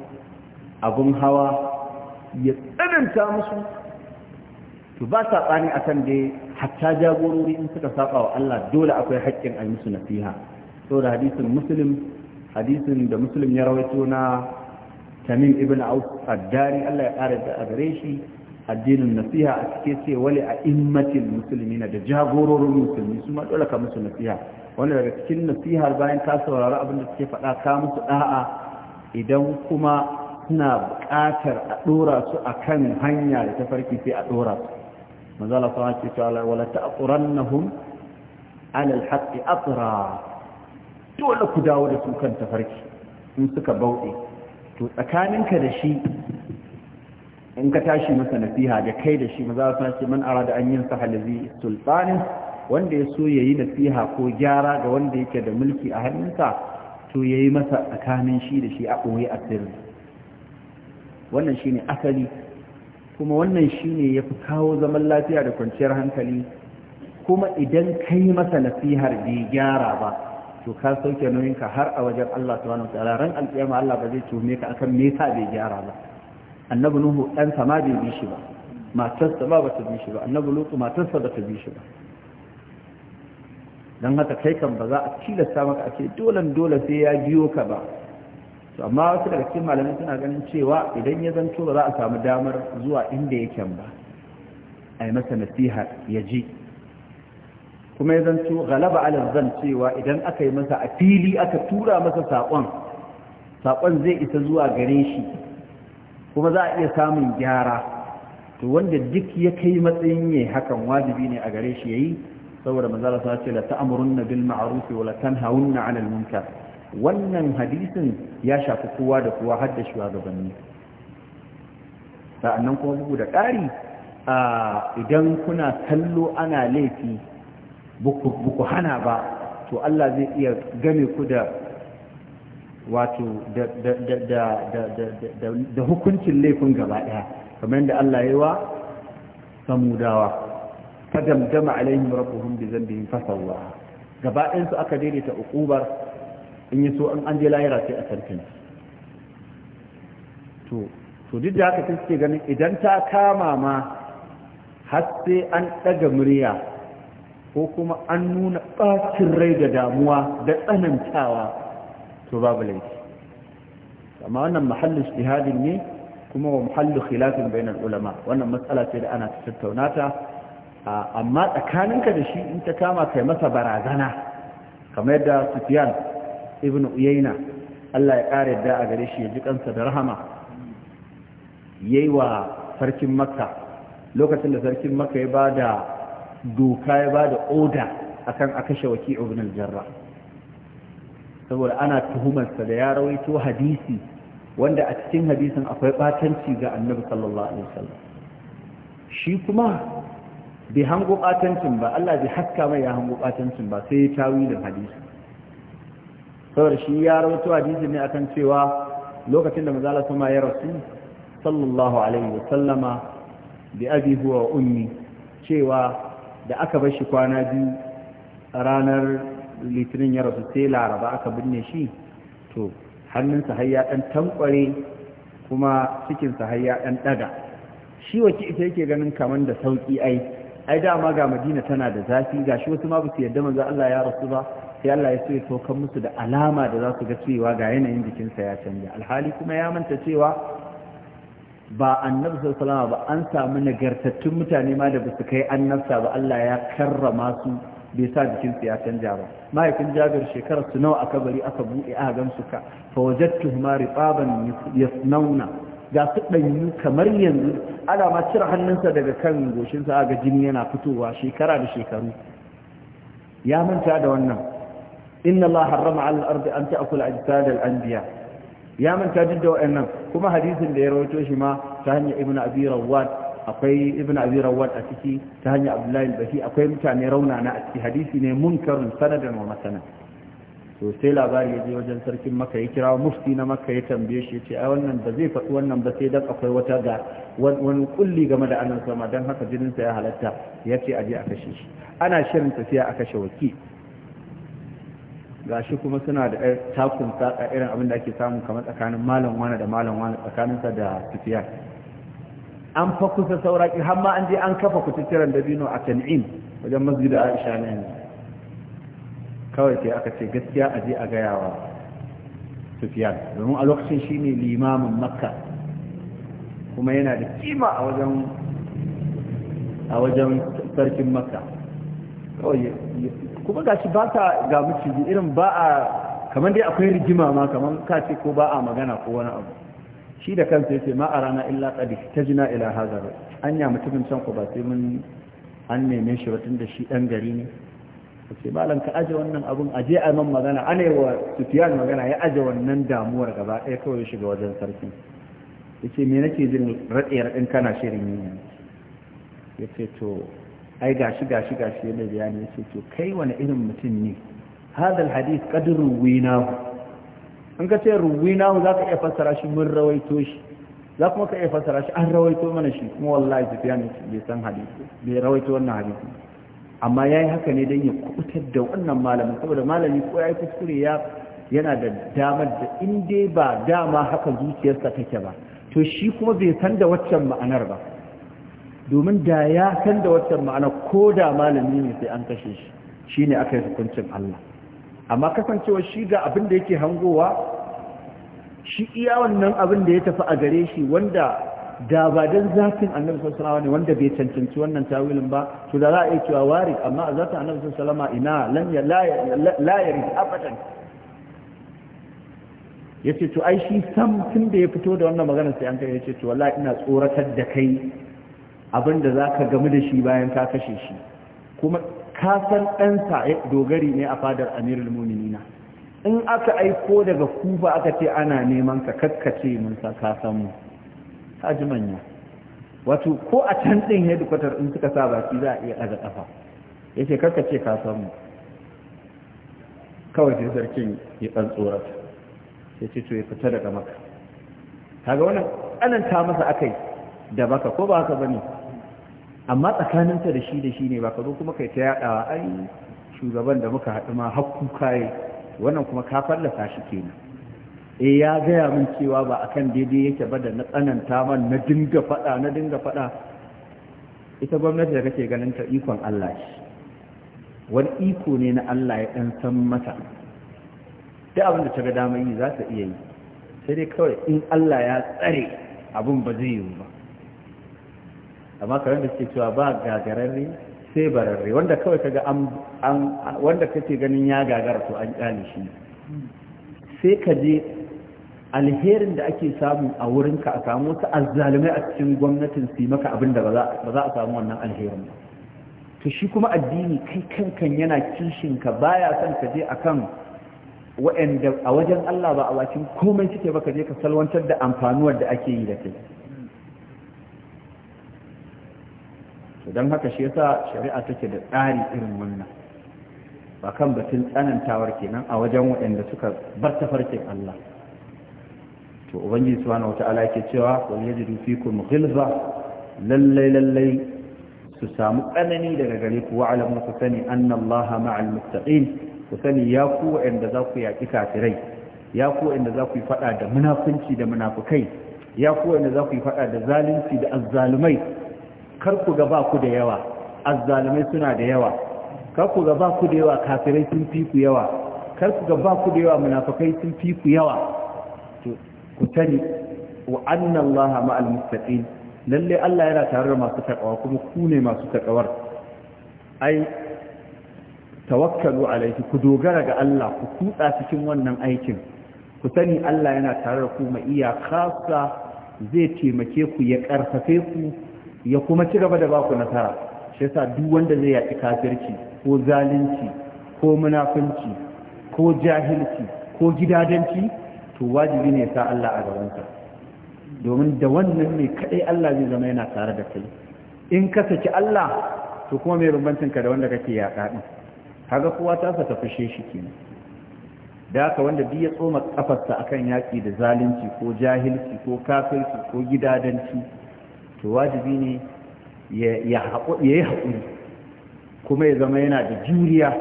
abun hawa ya tsananta musu to ba saɓani a kan dai hatta jagorori in suka saɓa wa Allah dole akwai haƙƙin a musu nasiha da hadisin muslim hadisin da muslim ya rawaito na tamim ibn aus addari Allah ya ƙara da a gare shi addinin nasiha a cike ce wale a immatin musulmi na da jagororin musulmi su ma dole ka musu nasiha wanda daga cikin nasihar bayan ka saurari abin da suke faɗa ka musu ɗa'a idan kuma suna buƙatar a ɗora su a kan hanya da tafarki sai a ɗora su manzala sama ce cewa wala ta'qurannahum ala alhaqqi atra dole ku dawo da su kan tafarki in suka bauɗe to tsakaninka da shi in ka tashi masa nasiha da kai da shi maza su ce man arada an yin sahalazi Sultani wanda ya so yayi nasiha ko gyara ga wanda yake da mulki a hannunsa to yayi masa tsakanin shi da shi a ɓoye a sirri wannan shine asali kuma wannan shine yafi kawo zaman lafiya da kwanciyar hankali kuma idan yi masa nasihar bai gyara ba to ka sauke nauyinka har a wajen Allah subhanahu wa ta'ala ran alƙiyama Allah ba zai tume ka akan me yasa bai gyara ba annabi nuhu ɗansa ma bai bi shi ba matarsa ba ba ta bi shi ba annabi lutu matarsa ba ta bi shi ba don haka kai kan ba za a tilasta maka a ce dolan dole sai ya biyo ka ba to amma wasu daga cikin malamai suna ganin cewa idan ya zanto ba za a samu damar zuwa inda yake ba a yi masa nasiha ya ji kuma ya zanto galaba ala zan cewa idan aka yi masa a fili aka tura masa saƙon saƙon zai isa zuwa gare shi kuma za a iya samun gyara to wanda duk ya kai matsayin ne hakan wajibi ne a gare shi yayi saboda manzala sa ce la ta'murunna bil ma'ruf wa la tanhaunna 'anil munkar wannan hadisin ya shafi kowa da kowa har da shugabanni sa'annan kuma bugu da ƙari idan kuna kallo ana laifi buku hana ba to Allah zai iya game ku da wato da hukuncin laifin gaba ɗaya kamar yadda Allah ya yi wa samudawa ta damdama alaihim rabbuhum bi zambihim fasawaha gaba ɗayan su aka daidaita uqubar in yi so an an je lahira sai a sarkin to to duk da haka sai suke ganin idan ta kama ma har sai an ɗaga murya ko kuma an nuna ɓacin rai da damuwa da tsanantawa to babu laifi amma wannan mahallin ijtihadin ne kuma wa mahallu khilafin bainar ulama wannan matsala ce da ana tattauna ta amma tsakaninka da shi in ta kama kai masa barazana kamar yadda Sufyan ibn uyaina Allah ya kare da a gare shi ya ji kansa da rahama yayi wa sarkin Makka lokacin da sarkin Makka ya ba da doka ya da oda akan a kashe Waki' ibn al-Jarrah saboda ana tuhumarsa da ya rawaito hadisi wanda a cikin hadisin akwai batanci ga annabi sallallahu alaihi wasallam shi kuma bai hango batancin ba Allah bai haska mai ya hango batancin ba sai ya tawilin hadisi saboda shi ya rawaito hadisi ne akan cewa lokacin da manzo Allah ya rasu sallallahu alaihi wasallama bi abi huwa ummi cewa da aka bar shi kwana biyu a ranar litinin ya rasu sai laraba aka binne shi to hannunsa har ya ɗan tankware kuma cikinsa har ya ɗan ɗaga shi wacce ita yake ganin kamar da sauƙi ai ai dama ga madina tana da zafi ga shi wasu ma ba su yarda manzo Allah ya rasu ba sai Allah ya so ya saukar musu da alama da za su ga cewa ga yanayin jikinsa ya canja alhali kuma ya manta cewa ba annabi sallallahu alaihi ba an samu nagartattun mutane ma da ba su kai annabta ba Allah ya karrama su bai sa jikin ya canja ba mahaifin jabir shekarar su nawa aka bari aka buɗe aka su ka fa wajadtu huma yasnauna ga su ɗanyu kamar yanzu ana ma cire hannunsa daga kan goshinsa aga jini yana fitowa shekara da shekaru ya manta da wannan inna Allah harrama ala al-ardi an ta'kula ajsad al-anbiya ya manta duk da wa'annan kuma hadisin da ya rawaito shi ma ta hanyar ibnu abi rawad akwai ibn abi rawad a ciki ta hanyar abdullahi bashi akwai mutane raunana a ciki hadisi ne munkarun sanadan wa masana to sai labari ya je wajen sarkin maka ya kira mufti na maka ya tambaye shi ce ai wannan ba zai faɗi wannan ba sai dan akwai wata ga wani kulli game da anan sama dan haka jinin sa ya halatta ya ce aje a kashe shi ana shirin tafiya a kashe waki gashi kuma suna da takun saka irin abin da ake samu kamar tsakanin malam wani da malam wani tsakaninsa da tafiya an fa kusa sauraki har ma an je an kafa kututturen dabino a tan'in wajen masjid da aisha ne kawai ke aka ce gaskiya a je a gayawa sufiyan domin a lokacin shine limamin makka kuma yana da kima a wajen a wajen sarkin makka kawai kuma shi ba ta ga miciji irin ba a kamar dai akwai rigima ma kamar ka ce ko ba a magana ko wani abu shi da kansa yace ma rana illa qad jina ila hadha anya mutumin can ku ba sai mun an neme shi batun da shi dan gari ne sai malam ka aje wannan abun aje a man magana ana wa sufiyan magana ya aje wannan damuwar gaba ɗaya kawai shiga wajen sarkin yace me nake jin ratse raɗin kana shirin yin yace to ai gashi gashi gashi ne bayani yace to kai wani irin mutum ne hadal hadith qadru winahu in ka ce ruwinahu za ka iya fassara shi mun rawaito shi za kuma ka iya fassara shi an rawaito mana shi kuma wallahi tafiya ne bai san hadisi bai rawaito wannan hadisi amma ya yi haka ne don ya kubutar da wannan malamin saboda malami ko ya yi kuskure ya yana da damar da in dai ba dama haka zuciyarsa take ba to shi kuma bai san da waccan ma'anar ba domin da ya san da waccan ma'anar ko da malami ne sai an kashe shi shi ne aka yi hukuncin Allah amma kasancewa shi ga abin da yake hangowa shi iya wannan abin da ya tafi a gare shi wanda da ba don zafin annabi salama ne wanda bai cancanci wannan tawilin ba to da za a yi cewa wari amma a zata annabi sun salama ina lan ya la ya ce to ai shi sam tun da ya fito da wannan magana sai an kai ce to wallahi ina tsoratar da kai abinda ka gamu da shi bayan ka kashe shi kuma Kasan ɗansa dogari ne a fadar amirul muminina in aka aiko daga kufa aka ce ana neman ka kakkace mun sa ka san mu Ta ji manya wato ko a can ɗin hedikwatar in suka sa baki za a iya ɗaga ƙafa ya ce kakkace ka mu kawai sai sarkin ya ɗan tsorata Ya ce to ya fita daga maka kaga wannan ƙananta masa akai da baka ko ba haka bane amma tsakaninta da shi da shi ne ba ka zo kuma kai ta yaɗawa ai shugaban da muka haɗu ma hakku kaye wannan kuma ka fallasa shi kenan eh ya gaya min cewa ba akan daidai yake ba da na tsananta man na dinga faɗa na dinga faɗa ita gwamnati da kake ganin ta ikon Allah shi wani iko ne na Allah ya dan san mata duk abin da ta ga damayi yi za ta iya yi sai dai kawai in Allah ya tsare abun ba zai yi ba amma karan da suke cewa ba gagararre sai bararre wanda kawai kaga an wanda kake ganin ya gagara to an kyale shi sai ka je alherin da ake samu a wurinka a samu wasu azzalumai a cikin gwamnatin su maka abin da ba za a samu wannan alherin ba to shi kuma addini kai kankan yana kishin ka baya son ka je akan wa'anda a wajen Allah ba a bakin komai suke baka je ka salwantar da amfanuwar da ake yi da kai don haka shi yasa shari'a take da tsari irin wannan ba kan batun tsanantawar kenan a wajen waɗanda suka bar tafarkin Allah to ubangiji wata ala yake cewa wal rufi fikum ghilza lallai lallai su samu tsanani daga gare ku wa'lamu ku sani anna Allah ma'al muttaqin ku sani ya ku waɗanda za ku yaƙi kafirai ya ku waɗanda za ku yi faɗa da munafunci da munafukai ya ku waɗanda za ku yi faɗa da zalunci da azzalumai kar ku ga ba ku da yawa azzalimai suna da yawa kar ku ga ba ku da yawa kafirai sun fi ku yawa kar ku ga ba ku da yawa munafikai sun fi ku yawa to ku tani wa anna Allah ma'al muttaqin lalle Allah yana tare da masu takawa kuma ku ne masu takawar ai tawakkalu alaihi ku dogara ga Allah ku kutsa cikin wannan aikin ku sani Allah yana tare da ku mai iya khassa zai taimake ku ya karfafe ku ya kuma ci gaba da baku nasara shi yasa duk wanda zai yaƙi kafirci ko zalunci ko munafunci ko jahilci ko gidadanci to wajibi ne sa Allah a ka. domin da wannan ne kaɗai Allah zai zama yana tare da kai in ka saki Allah to kuma mai bambancin ka da wanda kake yaƙa din kaga kowa ta sa ta shi kenan da haka wanda duk ya tsoma kafarsa akan yaƙi da zalunci ko jahilci ko kafirci ko gidadanci to wajibi ne ya yi haƙuri kuma ya zama yana da juriya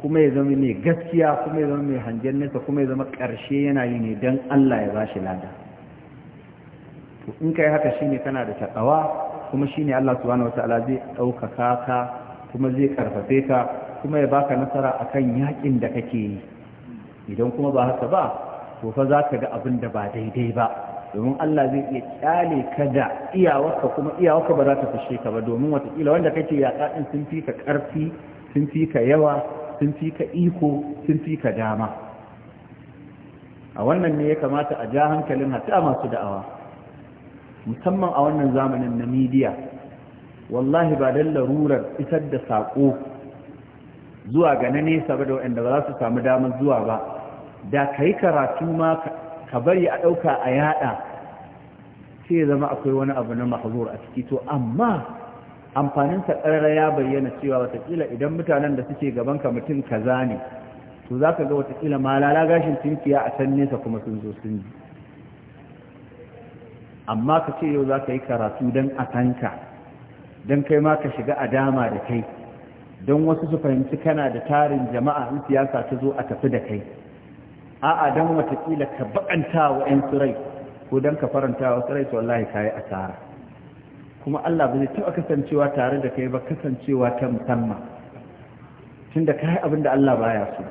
kuma ya zama mai gaskiya kuma ya zama mai hangen nesa kuma ya zama ƙarshe yana yi ne don Allah ya ba shi lada to in kai haka shi shine kana da taƙawa kuma shi ne Allah su subhanahu wataala zai ɗaukaka ka kuma zai ƙarfafe ka kuma ya baka nasara akan yaƙin da kake yi idan kuma ba haka ba to fa za ka ga abin da ba daidai ba domin Allah zai iya kyale ka da iyawarka kuma iyawarka ba za ta fashe ka ba domin watakila wanda kake yaƙa ɗin sun fi ka ƙarfi sun fi ka yawa sun fi ka iko sun fi ka dama a wannan ne ya kamata a ja hankalin hata masu da'awa musamman a wannan zamanin na midiya wallahi ba don larurar isar da saƙo zuwa ga na nesa ba da waɗanda ba za su samu damar zuwa ba da ka yi karatu ma ka bari a ɗauka a yaɗa sai ya zama akwai wani abu na mahzur a ciki to amma amfaninsa ƙarara ya bayyana cewa watakila idan mutanen da suke gaban ka mutum kaza ne to za ka ga watakila malala gashin tunkiya a can nesa kuma sun zo sun ji amma ka ce yau za ka yi karatu don a tanka don kai ma ka shiga a dama da kai don wasu su fahimci kana da tarin jama'a in siyasa ta zo a tafi da kai a'a dan watakila ka bakanta wa ƴan tsirai ko dan ka faranta wa tsirai to wallahi kai asara kuma Allah bai zai taɓa kasancewa tare da kai ba kasancewa ta musamman tunda kai abin da Allah baya so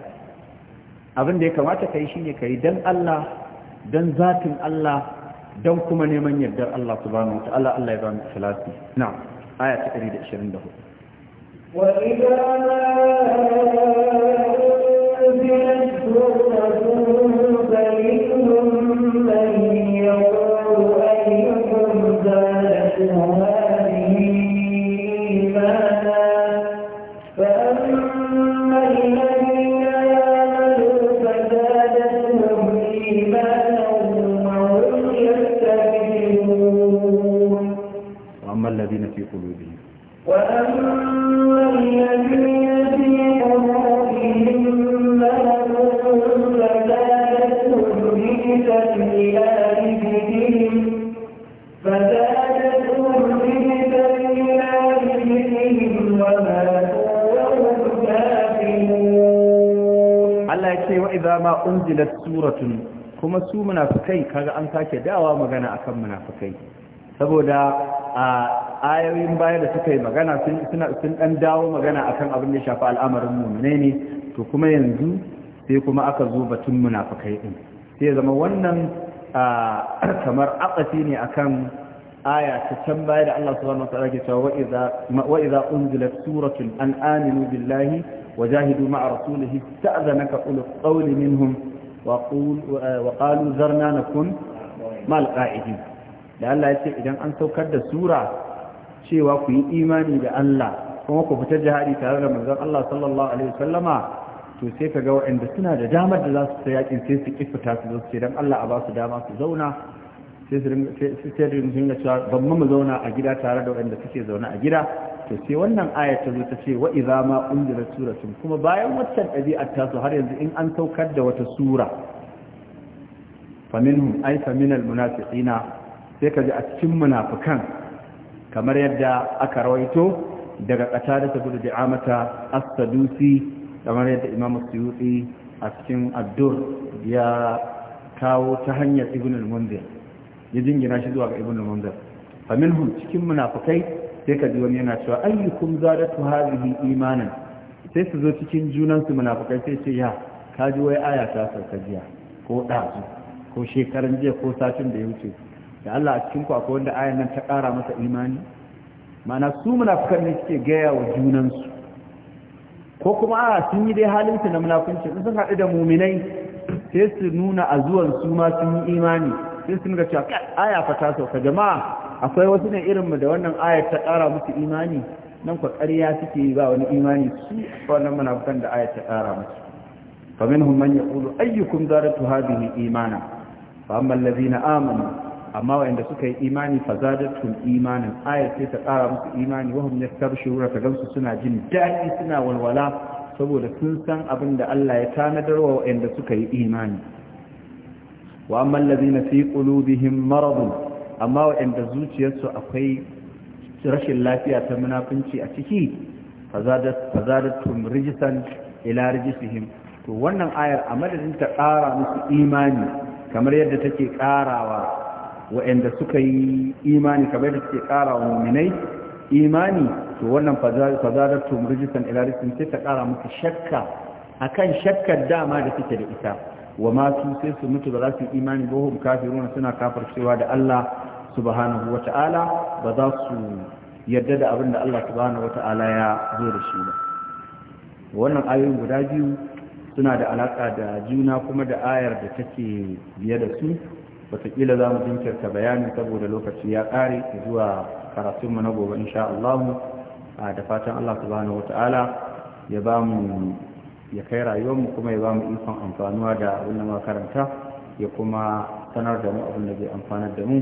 abin da ya kamata kai shine kai dan Allah dan zatin Allah dan kuma neman yardar Allah subhanahu wataala Allah ya ba mu salati na'am aya ta 124 wa idza idza unzilat suratun kuma su munafikai kaga an sake dawa magana akan munafikai saboda a ayoyin baya da suka yi magana sun dan dawo magana akan abin da shafi al'amarin mu'mine ne to kuma yanzu sai kuma aka zo batun munafikai din sai zama wannan kamar aqasi ne akan aya ta can baya da Allah subhanahu wa ta'ala ke cewa wa wa unzilat suratun an aminu billahi وجاهدوا مع رسوله استأذنك na القول منهم وقول وقالوا ذرنا نكن مع القاعدين لألا يتعي إذن أن توكد سورة شيء وفي إيماني لألا kuma ku fita jihadi tare da manzon Allah sallallahu alaihi wasallama to sai ka ga waɗanda suna da damar da za su ta yakin sai su ki fita su zo su ce dan Allah a ba dama su zauna sai su dinga mu zauna a gida tare da waɗanda suke zaune a gida to sai wannan aya ta zo ta ce wa idza ma unzira suratun kuma bayan waccan ɗabi'ar ta so har yanzu in an saukar da wata sura minhum ay faminal munafiqina sai ka ji a cikin munafikan kamar yadda aka rawaito daga qatada ta da bi'amata as-sadusi kamar yadda imamu suyuti a cikin addur ya kawo ta hanyar ibn al-munzir ya jingina shi zuwa ga ibn al-munzir minhum cikin munafikai sai ka ji wani yana cewa ayyukum zadatu hadhihi imanan sai su zo cikin junan su munafikai sai ce ya ka ji wai aya ta sauka jiya ko ɗazu ko shekaran jiya ko satin da ya wuce da Allah a cikin ku akwai wanda ayan nan ta ƙara masa imani mana su munafikan ne suke gaya wa junan su ko kuma a sun yi dai halin su na munafunci sun haɗu da muminai sai su nuna a zuwan su ma sun yi imani sai sun ga cewa aya fa ta sauka jama'a akwai wasu ne irinmu da wannan ayar ta ƙara musu imani nan ku ƙarya suke yi ba wani imani su wannan munafukan da ayar ta ƙara musu fa minhum man yaqulu ayyukum zadatu hadhihi imana fa amma alladhina amanu amma wanda suka yi imani fa zadatuhum imanan ayar sai ta ƙara musu imani wa hum yastabshiruna ka gansu suna jin daɗi suna walwala saboda sun san abin da Allah ya tanadar wa wanda suka yi imani wa amma alladhina fi qulubihim maradun amma waɗanda zuciyarsu akwai rashin lafiya ta munafunci a ciki fazadattum rijisan ila rijisihim to wannan ayar a madadin ta ƙara musu imani kamar yadda take ƙarawa waɗanda suka yi imani kamar yadda take ƙarawa muminai imani to wannan fazadattum rijisan ila rijisihim sai ta ƙara musu shakka akan shakkar dama da suke da ita wa ma su sai su mutu ba za su imani ba hum kafiruna suna cewa da Allah subhanahu wata'ala ba za su yarda da abin da Allah subhanahu wata'ala ya zo da shi ba wannan ayoyin guda biyu suna da alaƙa da juna kuma da ayar da take biye da su wataƙila za mu jinkirta bayanin saboda lokaci ya ƙare zuwa karatunmu na gobe insha Allah da fatan Allah subhanahu wata'ala ya ba mu ya kai rayuwarmu kuma ya ba mu ikon amfanuwa da wannan makaranta ya kuma sanar da mu abin da zai amfanar da mu